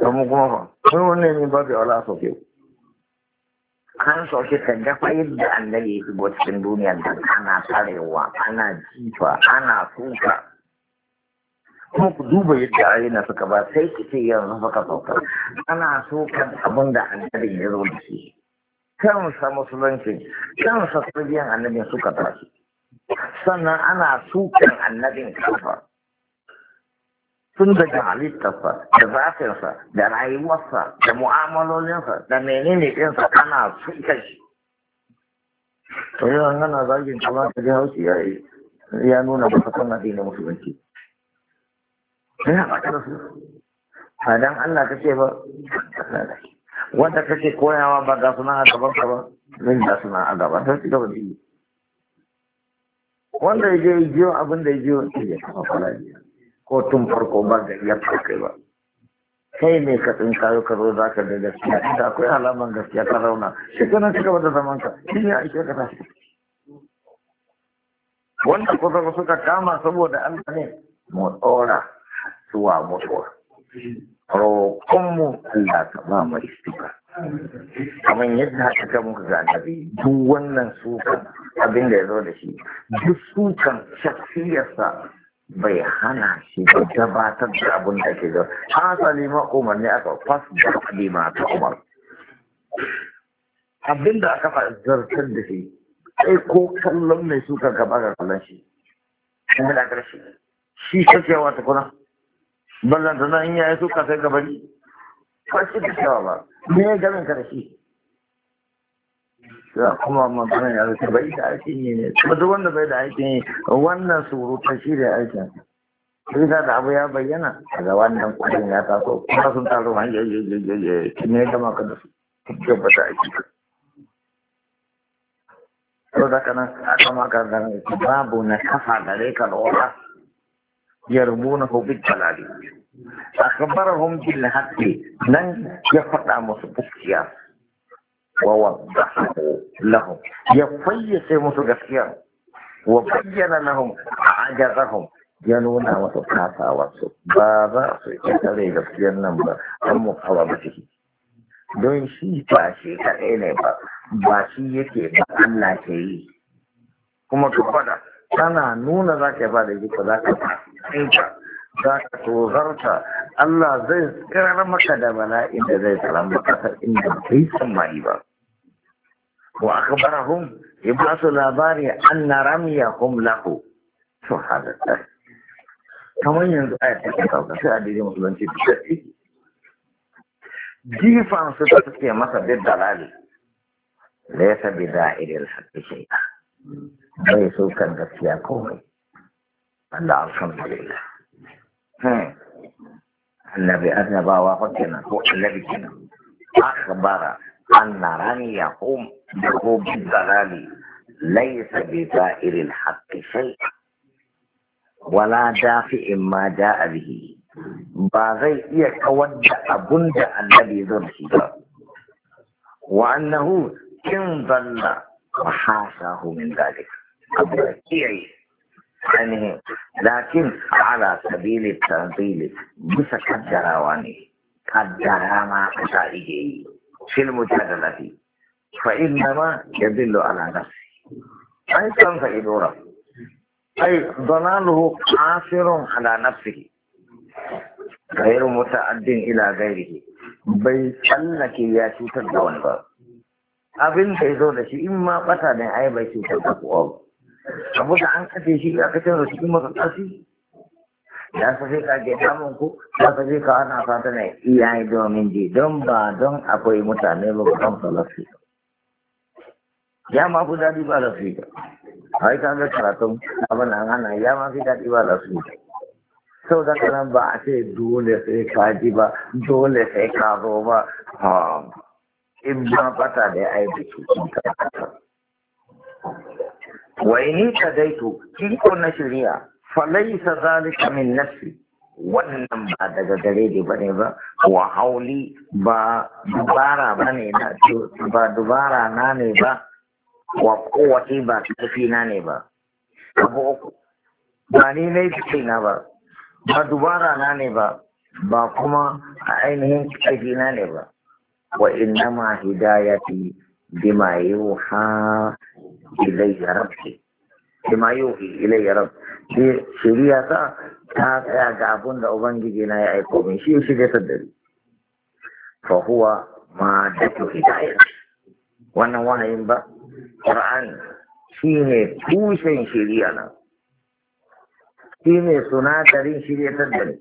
to mu kuma fa mun wani ne ba bai wala so ke an so ke ta da yadda da annabi ya shigo cikin duniyar da ana tsarewa ana jifa ana suka ko ku duba yadda ayyana suka ba sai ku ce yanzu suka sauka ana so kan abin da annabin ya zo da shi kansa musulunci kansa sabiyan annabin suka tashi sannan ana sukan annabin kafa tun daga halittarsa da zafinsa da rayuwarsa da mu'amalolinsa da menene ɗinsa ana sukan shi to yawan ana zagin kamar ta ji haushi ya nuna ba ta kan dina musulunci sai ba ka da su ba dan Allah kake ba wanda kake koyawa ba ga suna a gaban ka ba zan ga suna a gaba sai cigaba wani yi wanda ya je jiyo abin da ya jiyo ya kafa kwalabiya ko tun farko ba ga iya kai ba kai ne ka tsin kayo ka zo za ka da gaskiya inda akwai alaman gaskiya ka rauna shi kana ci gaba da zaman ka shi ne ake ka tashi wanda kusa suka kama saboda Allah ne mu tsora zuwa mutuwa mu Allah ka ba mu istifa kamar yadda haka ta muka ga duk wannan sukan abin da ya zo da shi duk sukan shafiyarsa bai hana shi da gabatar da abin da ake zo sani ma ne aka fas da abin ma ta umar abin da aka zartar da shi sai ko kallon mai sukan gaba ga kallon shi kuma da ƙarshe shi kacewa ta kuna ballanta na in yayi suka sai gabari ba shi da shawa me ya gamin ka da shi sai kuma magana ya bai da aiki. ne kuma duk wanda bai da aiki ne wannan surutan shi da aikin sai ka da abu ya bayyana daga wannan kudin ya taso kuma sun taro hanyar yayyayyayyayi ne gama ka da su tabbata aiki ka to da kana aka maka ganin babu na kafa gare ka da wata yarmunahu bil dalali akbarhum bil haqqi nan ya faɗa musu gaskiya wa wadahu lahum ya fayyace musu gaskiya wa bayyana lahum ajazahum ya nuna musu kasawarsu ba za su yi tare gaskiyar nan ba an mu ba ciki don shi ba shi kaɗai ne ba ba shi yake ba Allah ke yi kuma ka انا نون راکے والے دی خدا کا انشاء دا تو غرتا الله دې کړه نو مکه دا ولا ان دې سلام مکه ان دې سمایي و او اخبرهم يبعث الابار ان رميهم له سبحان الله kamar yanzu a yadda ta kawo sai adiri musulunci Difan su ta suke masa bid dalali. Laisa bi da'iril haqqi shay'a. bai so kan gaskiya komai Allah alhamdulillah annabi annabawa fa kenan ko annabi kenan akhbara anna rani yaqum bi rubi dalali laysa bi za'iril haqqi shay'a wala dafi ma da'a bihi ba zai iya kawar da abun da annabi zai ba wa annahu in zalla wa hasahu min abu da kiyaye ainihin lakin ala sabili tanzili bisa kaddarawa ne kaddara ma ta da yi Fa'in mujadalati fa innama yadillu ala nafsi ai kansa idora ai dalaluhu qasirun ala nafsihi غير متعد ila غيره bai tsallake ya cutar da wani ba abin da ya zo da shi in ma bata da ai bai cutar da kowa abu da an kace shi ya kace da cikin masa kasi ya sai ka ke samun ku ya sai ka ana fata ne iyaye domin ji don ba don akwai mutane ba kan salafi ya ma fi dadi ba lafi ai ka ga karatun abin nan ana ya ma fi dadi ba lafi sau da kanan ba a ce dole sai ka ji ba dole sai ka zo ba in ba bata da ya aiki cikin ta wa ni ta daito kin ko na shirya? falai sa zalika min nafsi wannan ba daga gare ne bane ba wa hauli ba dubara bane na ba dubara na ne ba wa kowace ba tafi na ne ba abu uku ba ni na yi na ba ba dubara na ne ba ba kuma a ainihin tafi na ne ba وإنما هدايتي بما يوحى إلي ربي بما يوحي إلي ربي shi shiriya ta ta tsaya ga abun da ubangiji na ya aiko min shi shi da dare fa huwa ma da ku hidayah wannan wahayin ba qur'ani ne kushin shiriya na shine sunadarin shiriya ta dare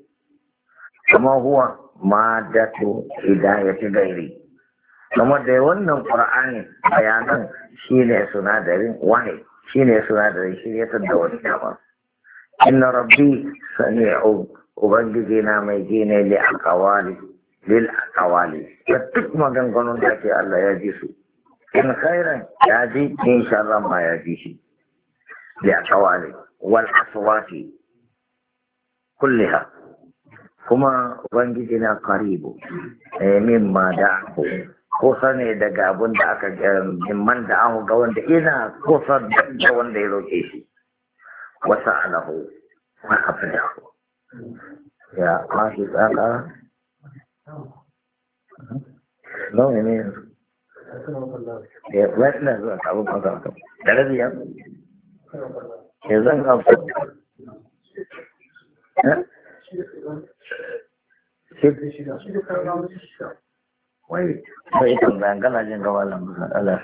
kuma huwa ma da ku hidayah ta gairi kuma da wannan qur'ani bayanan shine sunadarin wahayi shine sunadarin shiryatar da wani damar inna rabbi sami'u ubangiji na mai gina ne li ƙawali. lil aqwali da duk maganganun da ke Allah ya ji su in khairan ya ji in sharran ma ya ji shi li aqwali wal aswati kulliha kuma ubangiji na karibu eh, mimma da'ahu kusa ne daga abin da aka himman da an ga wanda ina kusa da wanda ya roƙe shi wasa alahu ma ku ya shi tsaka ne ya zuwa sabon da rabi ya zan wai sai tambayan kana jin gaba da ala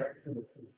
Thank you.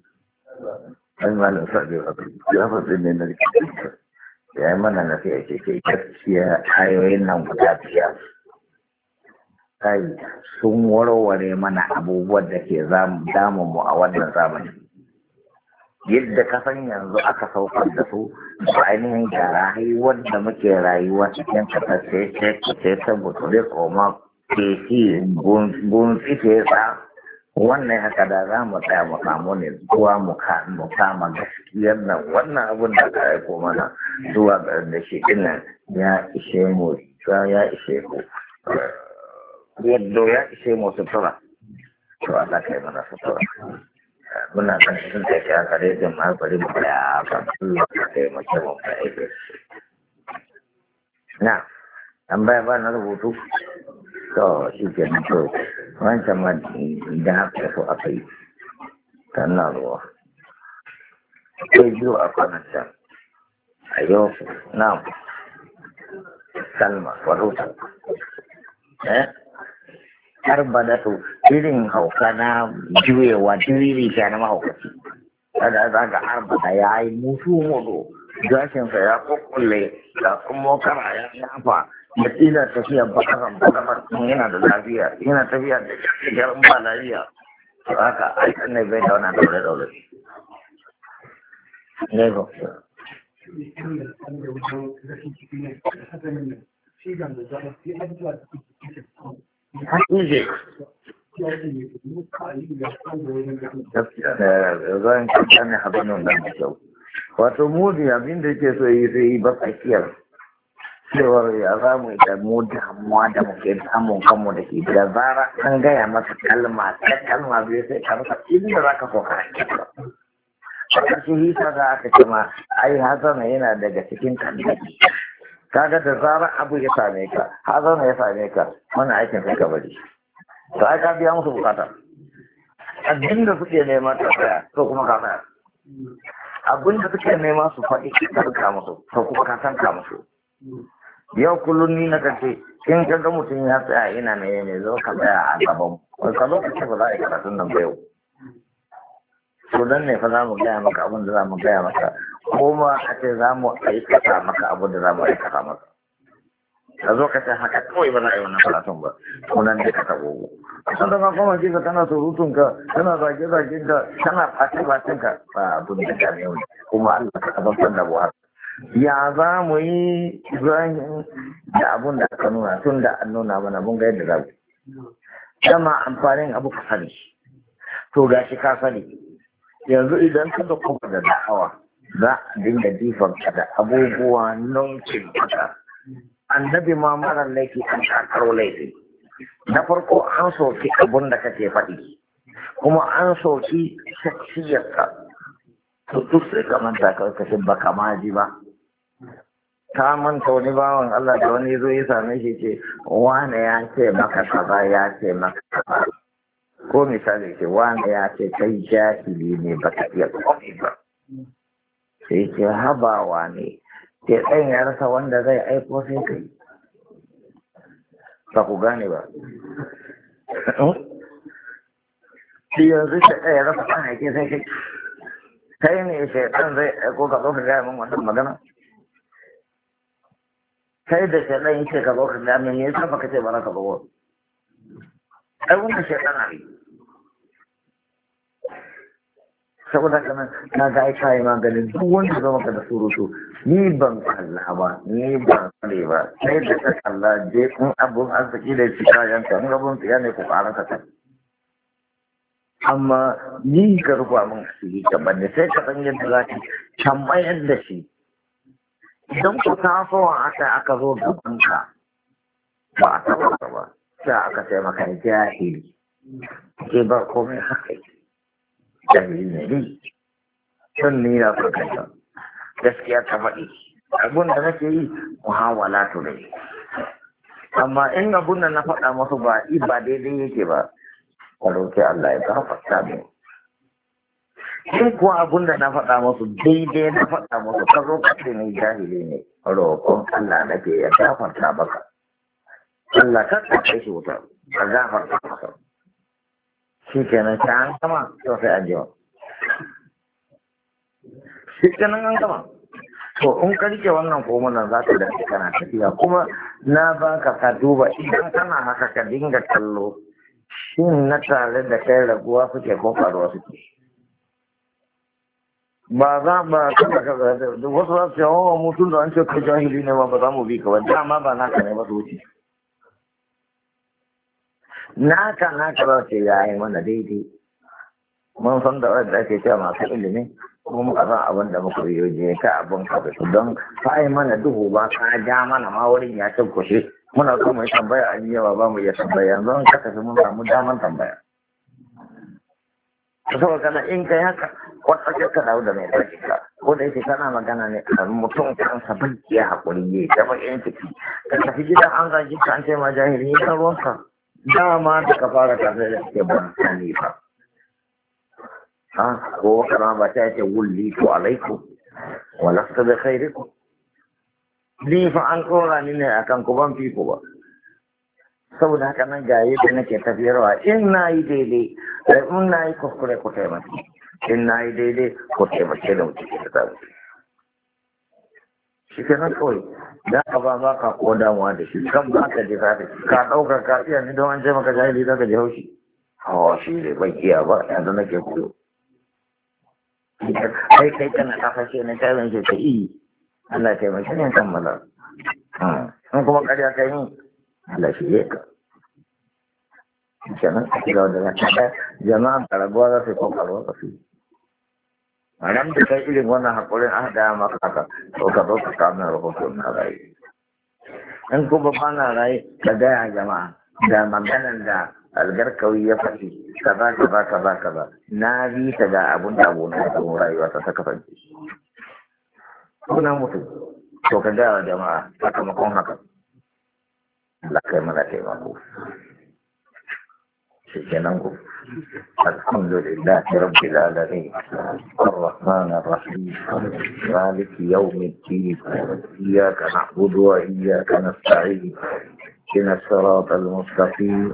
ai malam sabi ya faɗi ne na ya yi mana na fiye ce gaskiya nan guda biyar kai sun warware mana abubuwan da ke damun mu a wannan zamani yadda ka san yanzu aka saukar da su da ainihin da rayuwar da muke rayuwa cikin kasar ce ce ce ta gutsure ke ci gunfi wannan haka da za mu tsaya mu samu ne zuwa mu kama gaskiyar nan wannan abin da ka aiko mana zuwa da shi nan ya ishe mu ya ishe mu eh, yadda ya ishe mu sutura to Allah kai mana sutura muna kan sun ta ke aka rage ma bari mu ya ba ka kai mu ce mu ba na an bayan ba na rubutu to shi ke na to wancan ma da haka so aka yi na ruwa akwai biyu a kwanan can a yau na salma farauta eh har ba da to irin hauka na juyewa jiriri ta na mahaukaci kada za ga har ba ya yi mutu mudu gashinsa ya kokulle da kuma kara ya shafa ina tafiya ba a ba yana da lafiya ina tafiya da ba lafiya to haka aikin eh, ne bai da wannan daure dole ne go ne Wato mudi abin yake so yi sai yi ba tsakiyar cewar ya za mu da mu damuwa da muke samun kanmu da ke da zara an gaya masa kalma ta kalma biyu sai ka masa inda za ka kyau. a ƙarshen hisa za ka ce ma ai hazana yana daga cikin Ka kaga da zara abu ya same ka hazana ya same ka wani aikin sai ka bari to ai ka biya musu bukata da suke nema ta tsaya to kuma ka tsaya da suke nema su faɗi ka musu to kuma ka san ka musu yau kullum ni na kace kin ka mutum ya tsaya ina mai ne zo ka tsaya a gaban wai ka zo ce ba za a yi karatun nan ba yau to dan ne fa za mu gaya maka abin da za mu gaya maka ko ma a ce za mu aikata maka abin da za mu aikata maka ka zo ka ce haka kawai ba za a yi wannan karatun ba to nan ne ka tabo san da ma kuma kika kana surutun ka kana zage zagen ka kana fatin fatin ka ba abin da ka ne kuma Allah ka tabbatar da buhari ya za mu yi ibrahim da abun da aka nuna tun da an nuna mana mun ga yadda za mu dama amfanin abu ka sani to ga shi ka sani yanzu idan ka da kuma da da'awa za a dinga jifar ka da abubuwa nauncin kasa annabi ma mara laifi an shakar laifi na farko an soki abun da kake faɗi kuma an soki ka to duk sai ka manta karkashin baka ma ji ba ka manta wani bawan Allah da wani zo ya same shi ce wane ya ce maka kaza ya ce maka kaza ko misali ce wane ya ce kai jahili ne ba ka iya komai ba sai ce habawa ne ke ɗan ya rasa wanda zai aiko sai kai ba ku gane ba shi yanzu ta ɗaya rasa ɗan aike sai kai kai ne shaitan zai aiko ka zo ka gaya min wannan magana kai da shaitan yake ka zo ka gaya min me yasa ka ce bana ka zo ai wannan shaitan ne saboda kana na ga aika yi maganin duk wanda zama ka da surutu ni ban kalla ba ni ban sani ba sai da ta kalla je kun abun arziki da shi kayan ka in abun tsiya ne ku fara ka ta. amma ni ka rufa min asiri gaban ne sai ka san yadda za ka tambayan da shi idan ku ta tasowa aka aka zo gaban ka ba a taɓa ka ba sai aka sai maka jahili ke ba komai haka jahili ne ni sun ni na furkanta gaskiya ta faɗi abun da nake yi muhawala to ne amma in abun da na faɗa masu ba ba daidai yake ba kwaroke Allah ya gafarta min in kuwa abun da na faɗa musu daidai na faɗa musu ka zo ka ce ni jahili ne roƙon Allah na ke ya gafarta baka Allah ka tsaye shi wuta ka gafarta masa shi kenan ta an kama to sai an jima shi kenan an kama to in ka rike wannan komunan za ka dace kana tafiya kuma na ba ka ka duba idan kana haka ka dinga kallo shin na tare da kai raguwa suke ko karuwa suke ba za ba kada ka da wasu za su yi hawa oh, mutum da an ce kai hiri ne ba ba za mu bi ka ba dama ba naka ne ba su wuce naka naka za ce ya yi mana daidai mun san da wadda ake cewa masu ilimi kuma muka san abin da muka yi je ka abin ka don ka yi mana duhu ba ka ja mana ma wurin ya tabbace muna so mu yi tambaya an yi yawa ba mu iya tambaya yanzu an ka mun samu daman tambaya saboda kana in kai haka kwatsake ka dawo da mai baki ka ko da yake kana magana ne a mutum kansa bai iya haƙuri ne ta bakin ciki ka tafi gida an zaki ka an ce ma jahili ya ruwanka dama da ka fara tafiya da suke ban sani ba ha ko kana ba ta ce wulli to alaikum walasta da khairikum ni fa an kora ni ne akan ko ban fi ko ba saboda haka nan ga yadda nake tafiyarwa in na yi daidai eh, in na yi kuskure ta taimaki in na yi daidai ku taimake da mutum da ta mutu shi kenan kawai da ka ba ba ka ko damuwa da shi kan ba ka je ka ka ɗauka ka iya ni don an je maka jahili za ka je haushi hawa shi ne ban iya ba yanzu nake koyo ai kai kana kafa ce na tarin shi ta iya Allah ta ne kan kammala hmm. in kuma ƙarya ta yi Allah shi ka kenan a shiga wadda na kaɗa jama'a karabuwa za su koka ruwa ka fi ran da kai irin wannan haƙurin aka gaya maka haka to ka zo ka kamar rahoto na rayu in kuma ba na rayu ka gaya jama'a da maganan da algarkawi ya faɗi kaza kaza kaza kaza na bi ta ga abun da abu na rayuwa ta ta kasance ko na mutu to ka gaya wa jama'a sakamakon haka Allah kai mana taimako شكراً الحمد لله رب العالمين الرحمن الرحيم مالك يوم الدين إياك نعبد وإياك نستعين إن الصراط المستقيم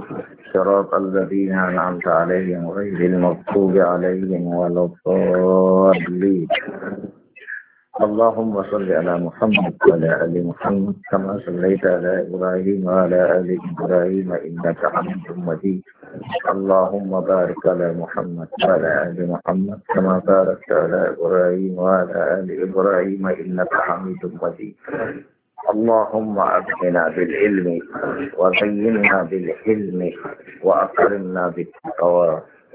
صراط الذين أنعمت عليهم غير المغضوب عليهم ولا الضالين اللهم صل على محمد وعلى آل محمد كما صليت على إبراهيم وعلى آل إبراهيم إنك حميد مجيد اللهم بارك على محمد وعلى آل محمد كما باركت على إبراهيم وعلى آل إبراهيم إنك حميد مجيد اللهم أبقنا بالعلم وزينا بالحلم وأكرمنا بالتقوى